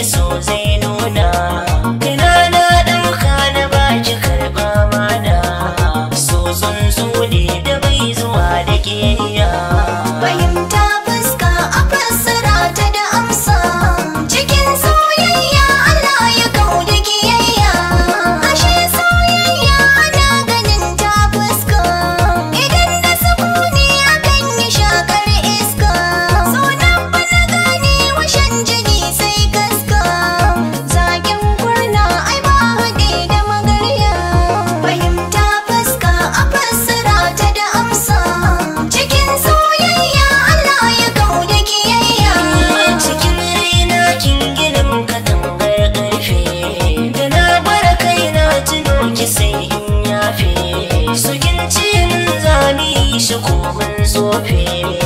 iso zai nuna ina na ɗauka na ba karɓa mana so zunzu ne da bai zuwa da ƙeriya 是苦闷所拼。